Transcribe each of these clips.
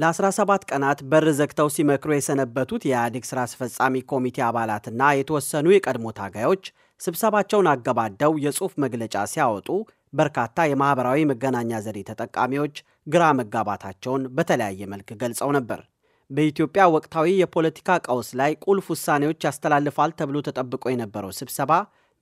ለ17 ቀናት በር ዘግተው ሲመክሩ የሰነበቱት የኢህአዴግ ሥራ አስፈጻሚ ኮሚቴ አባላትና የተወሰኑ የቀድሞ ታጋዮች ስብሰባቸውን አገባደው የጽሑፍ መግለጫ ሲያወጡ በርካታ የማኅበራዊ መገናኛ ዘዴ ተጠቃሚዎች ግራ መጋባታቸውን በተለያየ መልክ ገልጸው ነበር። በኢትዮጵያ ወቅታዊ የፖለቲካ ቀውስ ላይ ቁልፍ ውሳኔዎች ያስተላልፋል ተብሎ ተጠብቆ የነበረው ስብሰባ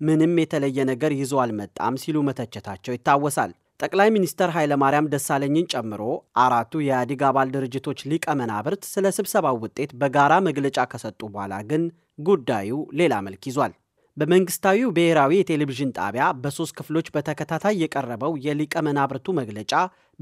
ምንም የተለየ ነገር ይዞ አልመጣም ሲሉ መተቸታቸው ይታወሳል። ጠቅላይ ሚኒስትር ኃይለማርያም ደሳለኝን ጨምሮ አራቱ የኢህአዴግ አባል ድርጅቶች ሊቀመናብርት ስለ ስብሰባው ውጤት በጋራ መግለጫ ከሰጡ በኋላ ግን ጉዳዩ ሌላ መልክ ይዟል። በመንግስታዊው ብሔራዊ የቴሌቪዥን ጣቢያ በሶስት ክፍሎች በተከታታይ የቀረበው የሊቀመናብርቱ መግለጫ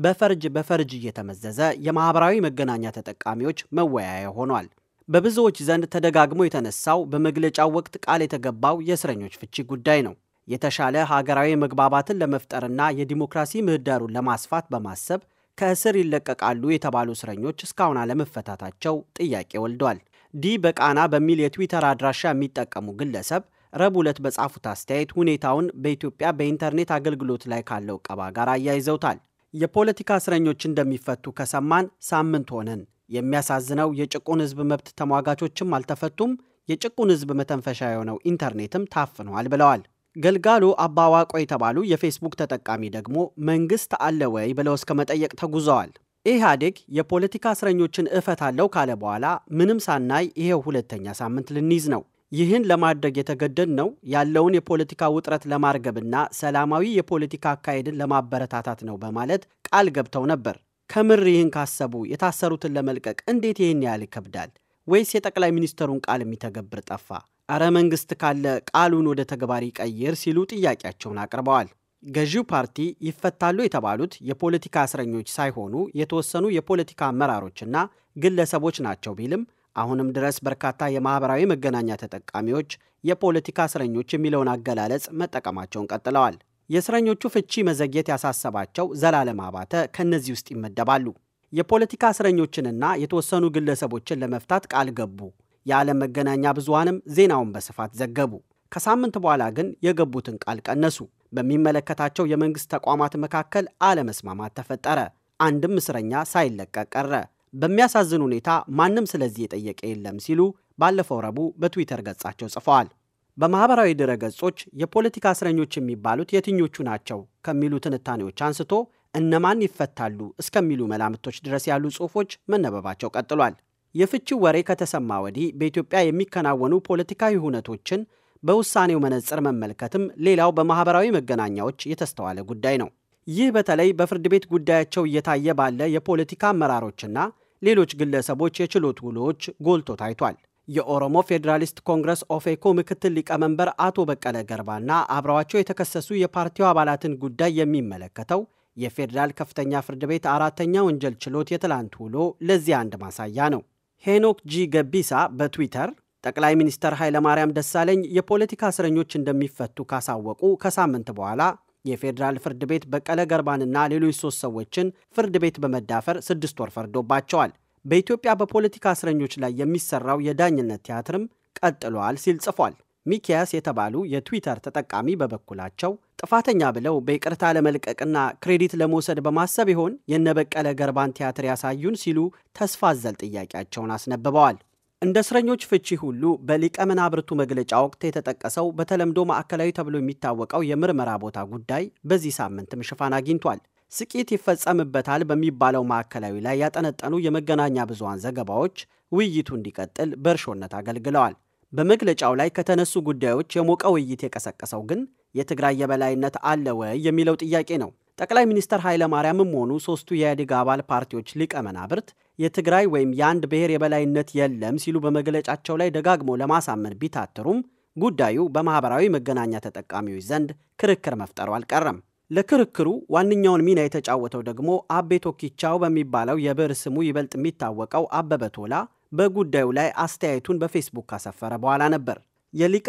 በፈርጅ በፈርጅ እየተመዘዘ የማኅበራዊ መገናኛ ተጠቃሚዎች መወያያ ሆኗል። በብዙዎች ዘንድ ተደጋግሞ የተነሳው በመግለጫው ወቅት ቃል የተገባው የእስረኞች ፍቺ ጉዳይ ነው። የተሻለ ሀገራዊ መግባባትን ለመፍጠርና የዲሞክራሲ ምህዳሩን ለማስፋት በማሰብ ከእስር ይለቀቃሉ የተባሉ እስረኞች እስካሁን አለመፈታታቸው ጥያቄ ወልዷል። ዲ በቃና በሚል የትዊተር አድራሻ የሚጠቀሙ ግለሰብ ረቡዕ ዕለት በጻፉት አስተያየት ሁኔታውን በኢትዮጵያ በኢንተርኔት አገልግሎት ላይ ካለው ቀባ ጋር አያይዘውታል። የፖለቲካ እስረኞች እንደሚፈቱ ከሰማን ሳምንት ሆነን። የሚያሳዝነው የጭቁን ሕዝብ መብት ተሟጋቾችም አልተፈቱም። የጭቁን ሕዝብ መተንፈሻ የሆነው ኢንተርኔትም ታፍነዋል ብለዋል። ገልጋሎ አባዋቆ የተባሉ የፌስቡክ ተጠቃሚ ደግሞ መንግስት አለ ወይ ብለው እስከ መጠየቅ ተጉዘዋል። ኢህአዴግ የፖለቲካ እስረኞችን እፈታለሁ ካለ በኋላ ምንም ሳናይ ይሄው ሁለተኛ ሳምንት ልንይዝ ነው። ይህን ለማድረግ የተገደድ ነው ያለውን የፖለቲካ ውጥረት ለማርገብና ሰላማዊ የፖለቲካ አካሄድን ለማበረታታት ነው በማለት ቃል ገብተው ነበር። ከምር ይህን ካሰቡ የታሰሩትን ለመልቀቅ እንዴት ይህን ያህል ይከብዳል? ወይስ የጠቅላይ ሚኒስትሩን ቃል የሚተገብር ጠፋ? አረ መንግስት ካለ ቃሉን ወደ ተግባር ይቀይር ሲሉ ጥያቄያቸውን አቅርበዋል። ገዢው ፓርቲ ይፈታሉ የተባሉት የፖለቲካ እስረኞች ሳይሆኑ የተወሰኑ የፖለቲካ አመራሮችና ግለሰቦች ናቸው ቢልም አሁንም ድረስ በርካታ የማኅበራዊ መገናኛ ተጠቃሚዎች የፖለቲካ እስረኞች የሚለውን አገላለጽ መጠቀማቸውን ቀጥለዋል። የእስረኞቹ ፍቺ መዘግየት ያሳሰባቸው ዘላለም አባተ ከእነዚህ ውስጥ ይመደባሉ። የፖለቲካ እስረኞችንና የተወሰኑ ግለሰቦችን ለመፍታት ቃል ገቡ የዓለም መገናኛ ብዙሃንም ዜናውን በስፋት ዘገቡ። ከሳምንት በኋላ ግን የገቡትን ቃል ቀነሱ። በሚመለከታቸው የመንግሥት ተቋማት መካከል አለመስማማት ተፈጠረ። አንድም እስረኛ ሳይለቀቅ ቀረ። በሚያሳዝን ሁኔታ ማንም ስለዚህ የጠየቀ የለም ሲሉ ባለፈው ረቡዕ በትዊተር ገጻቸው ጽፈዋል። በማኅበራዊ ድረ ገጾች የፖለቲካ እስረኞች የሚባሉት የትኞቹ ናቸው ከሚሉ ትንታኔዎች አንስቶ እነማን ይፈታሉ እስከሚሉ መላምቶች ድረስ ያሉ ጽሑፎች መነበባቸው ቀጥሏል። የፍቺው ወሬ ከተሰማ ወዲህ በኢትዮጵያ የሚከናወኑ ፖለቲካዊ ሁነቶችን በውሳኔው መነጽር መመልከትም ሌላው በማኅበራዊ መገናኛዎች የተስተዋለ ጉዳይ ነው። ይህ በተለይ በፍርድ ቤት ጉዳያቸው እየታየ ባለ የፖለቲካ አመራሮችና ሌሎች ግለሰቦች የችሎት ውሎዎች ጎልቶ ታይቷል። የኦሮሞ ፌዴራሊስት ኮንግረስ ኦፌኮ ምክትል ሊቀመንበር አቶ በቀለ ገርባና አብረዋቸው የተከሰሱ የፓርቲው አባላትን ጉዳይ የሚመለከተው የፌዴራል ከፍተኛ ፍርድ ቤት አራተኛ ወንጀል ችሎት የትላንት ውሎ ለዚህ አንድ ማሳያ ነው። ሄኖክ ጂ ገቢሳ በትዊተር ጠቅላይ ሚኒስተር ኃይለማርያም ደሳለኝ የፖለቲካ እስረኞች እንደሚፈቱ ካሳወቁ ከሳምንት በኋላ የፌዴራል ፍርድ ቤት በቀለ ገርባንና ሌሎች ሶስት ሰዎችን ፍርድ ቤት በመዳፈር ስድስት ወር ፈርዶባቸዋል። በኢትዮጵያ በፖለቲካ እስረኞች ላይ የሚሰራው የዳኝነት ቲያትርም ቀጥሏል ሲል ጽፏል። ሚኪያስ የተባሉ የትዊተር ተጠቃሚ በበኩላቸው ጥፋተኛ ብለው በይቅርታ ለመልቀቅና ክሬዲት ለመውሰድ በማሰብ ይሆን የነበቀለ ገርባን ቲያትር ያሳዩን ሲሉ ተስፋ አዘል ጥያቄያቸውን አስነብበዋል። እንደ እስረኞች ፍቺ ሁሉ በሊቀመና ብርቱ መግለጫ ወቅት የተጠቀሰው በተለምዶ ማዕከላዊ ተብሎ የሚታወቀው የምርመራ ቦታ ጉዳይ በዚህ ሳምንትም ሽፋን አግኝቷል። ስቂት ይፈጸምበታል በሚባለው ማዕከላዊ ላይ ያጠነጠኑ የመገናኛ ብዙሃን ዘገባዎች ውይይቱ እንዲቀጥል በእርሾነት አገልግለዋል። በመግለጫው ላይ ከተነሱ ጉዳዮች የሞቀ ውይይት የቀሰቀሰው ግን የትግራይ የበላይነት አለ ወይ የሚለው ጥያቄ ነው። ጠቅላይ ሚኒስትር ኃይለ ማርያምም ሆኑ ሶስቱ የኢህአዴግ አባል ፓርቲዎች ሊቀመናብርት የትግራይ ወይም የአንድ ብሔር የበላይነት የለም ሲሉ በመግለጫቸው ላይ ደጋግሞ ለማሳመን ቢታትሩም ጉዳዩ በማኅበራዊ መገናኛ ተጠቃሚዎች ዘንድ ክርክር መፍጠሩ አልቀረም። ለክርክሩ ዋነኛውን ሚና የተጫወተው ደግሞ አቤ ቶኪቻው በሚባለው የብዕር ስሙ ይበልጥ የሚታወቀው አበበ ቶላ በጉዳዩ ላይ አስተያየቱን በፌስቡክ ካሰፈረ በኋላ ነበር። የሊቀ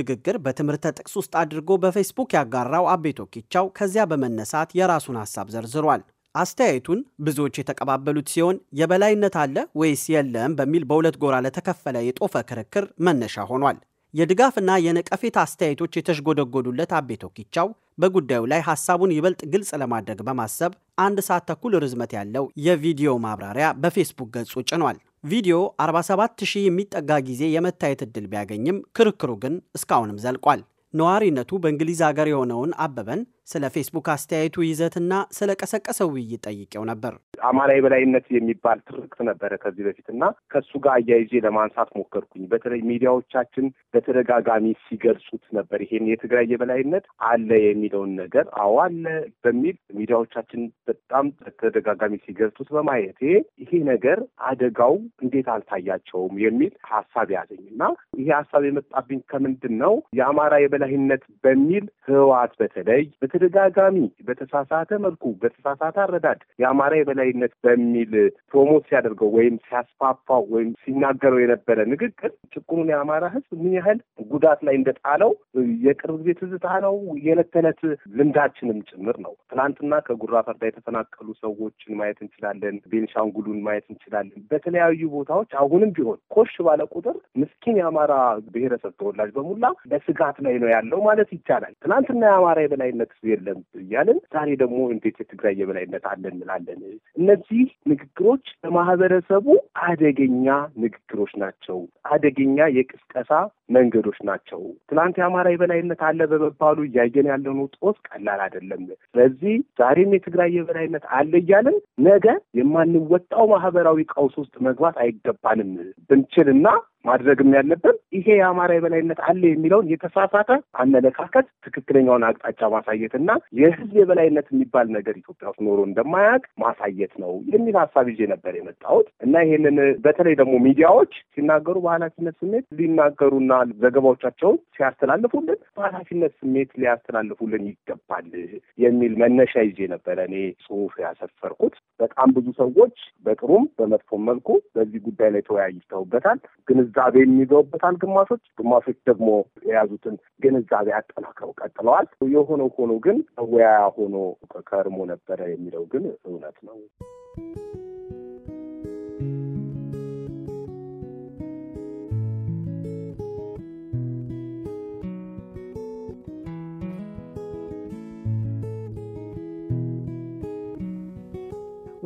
ንግግር በትምህርተ ጥቅስ ውስጥ አድርጎ በፌስቡክ ያጋራው አቤቶ ኪቻው ከዚያ በመነሳት የራሱን ሀሳብ ዘርዝሯል። አስተያየቱን ብዙዎች የተቀባበሉት ሲሆን የበላይነት አለ ወይስ የለም በሚል በሁለት ጎራ ለተከፈለ የጦፈ ክርክር መነሻ ሆኗል። የድጋፍና የነቀፌት አስተያየቶች የተሽጎደጎዱለት አቤቶ ኪቻው በጉዳዩ ላይ ሐሳቡን ይበልጥ ግልጽ ለማድረግ በማሰብ አንድ ሰዓት ተኩል ርዝመት ያለው የቪዲዮ ማብራሪያ በፌስቡክ ገጹ ጭኗል። ቪዲዮ 47000 የሚጠጋ ጊዜ የመታየት ዕድል ቢያገኝም ክርክሩ ግን እስካሁንም ዘልቋል። ነዋሪነቱ በእንግሊዝ አገር የሆነውን አበበን ስለ ፌስቡክ አስተያየቱ ይዘትና ስለ ቀሰቀሰ ውይይት ጠይቄው ነበር። አማራ የበላይነት የሚባል ትርክት ነበረ ከዚህ በፊት እና ከእሱ ጋር አያይዤ ለማንሳት ሞከርኩኝ። በተለይ ሚዲያዎቻችን በተደጋጋሚ ሲገልጹት ነበር ይሄን የትግራይ የበላይነት አለ የሚለውን ነገር አዎ አለ በሚል ሚዲያዎቻችን በጣም በተደጋጋሚ ሲገልጹት በማየት ይሄ ነገር አደጋው እንዴት አልታያቸውም የሚል ሀሳብ ያዘኝ እና ይሄ ሀሳብ የመጣብኝ ከምንድን ነው የአማራ የበላይነት በሚል ህወሓት በተለይ በተደጋጋሚ በተሳሳተ መልኩ በተሳሳተ አረዳድ የአማራ የበላይነት በሚል ፕሮሞት ሲያደርገው ወይም ሲያስፋፋው ወይም ሲናገረው የነበረ ንግግር ጭቁኑን የአማራ ህዝብ ምን ያህል ጉዳት ላይ እንደጣለው የቅርብ ጊዜ ትዝታ ነው፣ የዕለት ተዕለት ልምዳችንም ጭምር ነው። ትናንትና ከጉራ ፈርዳ የተፈናቀሉ ሰዎችን ማየት እንችላለን። ቤንሻንጉሉን ማየት እንችላለን። በተለያዩ ቦታዎች አሁንም ቢሆን ኮሽ ባለ ቁጥር ምስኪን የአማራ ብሔረሰብ ተወላጅ በሙላ በስጋት ላይ ነው ያለው ማለት ይቻላል። ትናንትና የአማራ የበላይነት የለም እያለን ዛሬ ደግሞ እንዴት የትግራይ የበላይነት አለ እንላለን? እነዚህ ንግግሮች ለማህበረሰቡ አደገኛ ንግግሮች ናቸው፣ አደገኛ የቅስቀሳ መንገዶች ናቸው። ትናንት የአማራ የበላይነት አለ በመባሉ እያየን ያለኑ ጦስ ቀላል አይደለም። ስለዚህ ዛሬም የትግራይ የበላይነት አለ እያለን ነገ የማንወጣው ማህበራዊ ቀውስ ውስጥ መግባት አይገባንም ብንችልና ማድረግም ያለብን ይሄ የአማራ የበላይነት አለ የሚለውን የተሳሳተ አመለካከት ትክክለኛውን አቅጣጫ ማሳየት እና የህዝብ የበላይነት የሚባል ነገር ኢትዮጵያ ውስጥ ኖሮ እንደማያውቅ ማሳየት ነው የሚል ሀሳብ ይዤ ነበር የመጣሁት እና ይሄንን በተለይ ደግሞ ሚዲያዎች ሲናገሩ በኃላፊነት ስሜት ሊናገሩና ዘገባዎቻቸውን ሲያስተላልፉልን በኃላፊነት ስሜት ሊያስተላልፉልን ይገባል የሚል መነሻ ይዤ ነበረ እኔ ጽሁፍ ያሰፈርኩት። በጣም ብዙ ሰዎች በጥሩም በመጥፎም መልኩ በዚህ ጉዳይ ላይ ተወያይተውበታል። ግንዛቤ የሚገቡበታል ግማሾች፣ ግማሾች ደግሞ የያዙትን ግንዛቤ አጠናክረው ቀጥለዋል። የሆነው ሆኖ ግን መወያያ ሆኖ ከርሞ ነበረ የሚለው ግን እውነት ነው።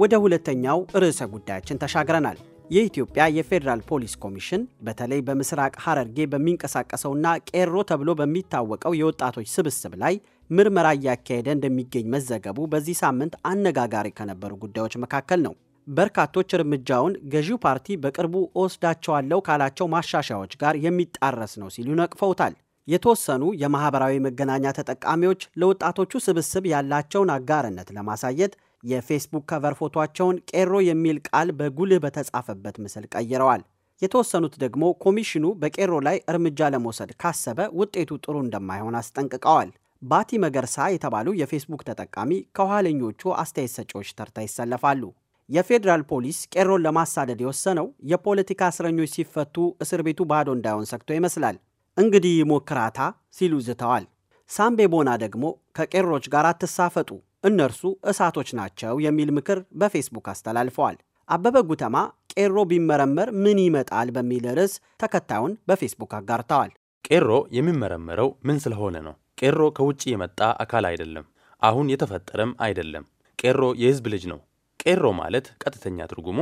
ወደ ሁለተኛው ርዕሰ ጉዳያችን ተሻግረናል። የኢትዮጵያ የፌዴራል ፖሊስ ኮሚሽን በተለይ በምስራቅ ሐረርጌ በሚንቀሳቀሰውና ቄሮ ተብሎ በሚታወቀው የወጣቶች ስብስብ ላይ ምርመራ እያካሄደ እንደሚገኝ መዘገቡ በዚህ ሳምንት አነጋጋሪ ከነበሩ ጉዳዮች መካከል ነው። በርካቶች እርምጃውን ገዢው ፓርቲ በቅርቡ ወስዳቸዋለው ካላቸው ማሻሻያዎች ጋር የሚጣረስ ነው ሲሉ ነቅፈውታል። የተወሰኑ የማኅበራዊ መገናኛ ተጠቃሚዎች ለወጣቶቹ ስብስብ ያላቸውን አጋርነት ለማሳየት የፌስቡክ ከቨር ፎቶቸውን ቄሮ የሚል ቃል በጉልህ በተጻፈበት ምስል ቀይረዋል። የተወሰኑት ደግሞ ኮሚሽኑ በቄሮ ላይ እርምጃ ለመውሰድ ካሰበ ውጤቱ ጥሩ እንደማይሆን አስጠንቅቀዋል። ባቲ መገርሳ የተባሉ የፌስቡክ ተጠቃሚ ከኋለኞቹ አስተያየት ሰጪዎች ተርታ ይሰለፋሉ። የፌዴራል ፖሊስ ቄሮን ለማሳደድ የወሰነው የፖለቲካ እስረኞች ሲፈቱ እስር ቤቱ ባዶ እንዳይሆን ሰግቶ ይመስላል። እንግዲህ ሞክራታ ሲሉ ዝተዋል። ሳምቤቦና ደግሞ ከቄሮች ጋር አትሳፈጡ፣ እነርሱ እሳቶች ናቸው የሚል ምክር በፌስቡክ አስተላልፈዋል። አበበ ጉተማ ቄሮ ቢመረመር ምን ይመጣል በሚል ርዕስ ተከታዩን በፌስቡክ አጋርተዋል። ቄሮ የሚመረመረው ምን ስለሆነ ነው? ቄሮ ከውጭ የመጣ አካል አይደለም፣ አሁን የተፈጠረም አይደለም። ቄሮ የህዝብ ልጅ ነው። ቄሮ ማለት ቀጥተኛ ትርጉሙ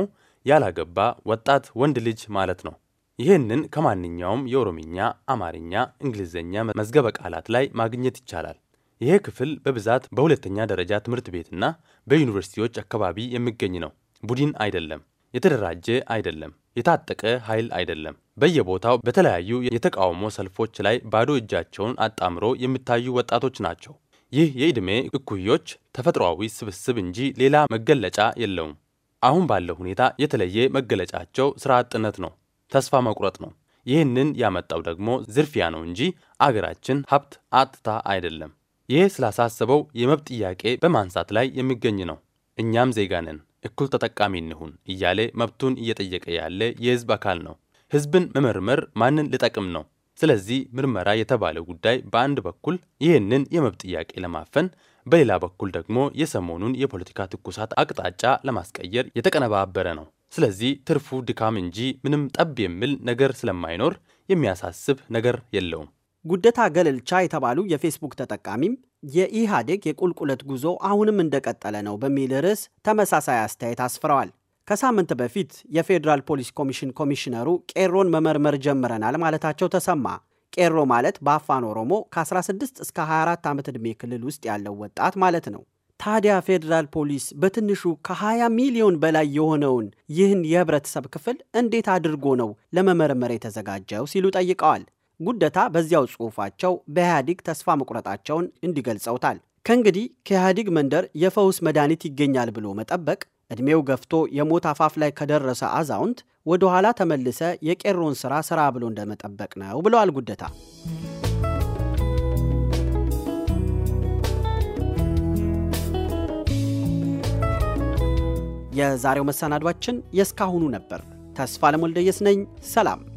ያላገባ ወጣት ወንድ ልጅ ማለት ነው። ይህንን ከማንኛውም የኦሮምኛ፣ አማርኛ፣ እንግሊዝኛ መዝገበ ቃላት ላይ ማግኘት ይቻላል። ይሄ ክፍል በብዛት በሁለተኛ ደረጃ ትምህርት ቤትና በዩኒቨርሲቲዎች አካባቢ የሚገኝ ነው። ቡድን አይደለም፣ የተደራጀ አይደለም፣ የታጠቀ ኃይል አይደለም። በየቦታው በተለያዩ የተቃውሞ ሰልፎች ላይ ባዶ እጃቸውን አጣምሮ የሚታዩ ወጣቶች ናቸው። ይህ የዕድሜ እኩዮች ተፈጥሯዊ ስብስብ እንጂ ሌላ መገለጫ የለውም። አሁን ባለው ሁኔታ የተለየ መገለጫቸው ስራ አጥነት ነው። ተስፋ መቁረጥ ነው። ይህንን ያመጣው ደግሞ ዝርፊያ ነው እንጂ አገራችን ሀብት አጥታ አይደለም። ይህ ስላሳሰበው የመብት ጥያቄ በማንሳት ላይ የሚገኝ ነው። እኛም ዜጋ ነን፣ እኩል ተጠቃሚ እንሁን እያለ መብቱን እየጠየቀ ያለ የህዝብ አካል ነው። ህዝብን መመርመር ማንን ልጠቅም ነው? ስለዚህ ምርመራ የተባለ ጉዳይ በአንድ በኩል ይህንን የመብት ጥያቄ ለማፈን፣ በሌላ በኩል ደግሞ የሰሞኑን የፖለቲካ ትኩሳት አቅጣጫ ለማስቀየር የተቀነባበረ ነው። ስለዚህ ትርፉ ድካም እንጂ ምንም ጠብ የሚል ነገር ስለማይኖር የሚያሳስብ ነገር የለውም። ጉደታ ገለልቻ የተባሉ የፌስቡክ ተጠቃሚም የኢህአዴግ የቁልቁለት ጉዞ አሁንም እንደቀጠለ ነው በሚል ርዕስ ተመሳሳይ አስተያየት አስፍረዋል። ከሳምንት በፊት የፌዴራል ፖሊስ ኮሚሽን ኮሚሽነሩ ቄሮን መመርመር ጀምረናል ማለታቸው ተሰማ። ቄሮ ማለት በአፋን ኦሮሞ ከ16 እስከ 24 ዓመት ዕድሜ ክልል ውስጥ ያለው ወጣት ማለት ነው። ታዲያ ፌዴራል ፖሊስ በትንሹ ከ20 ሚሊዮን በላይ የሆነውን ይህን የህብረተሰብ ክፍል እንዴት አድርጎ ነው ለመመርመር የተዘጋጀው ሲሉ ጠይቀዋል። ጉደታ በዚያው ጽሑፋቸው በኢህአዲግ ተስፋ መቁረጣቸውን እንዲገልጸውታል። ከእንግዲህ ከኢህአዲግ መንደር የፈውስ መድኃኒት ይገኛል ብሎ መጠበቅ ዕድሜው ገፍቶ የሞት አፋፍ ላይ ከደረሰ አዛውንት ወደ ኋላ ተመልሰ የቄሮን ሥራ ሥራ ብሎ እንደመጠበቅ ነው ብለዋል ጉደታ። የዛሬው መሰናዷችን የእስካሁኑ ነበር። ተስፋ ለሞልደየስ ነኝ። ሰላም።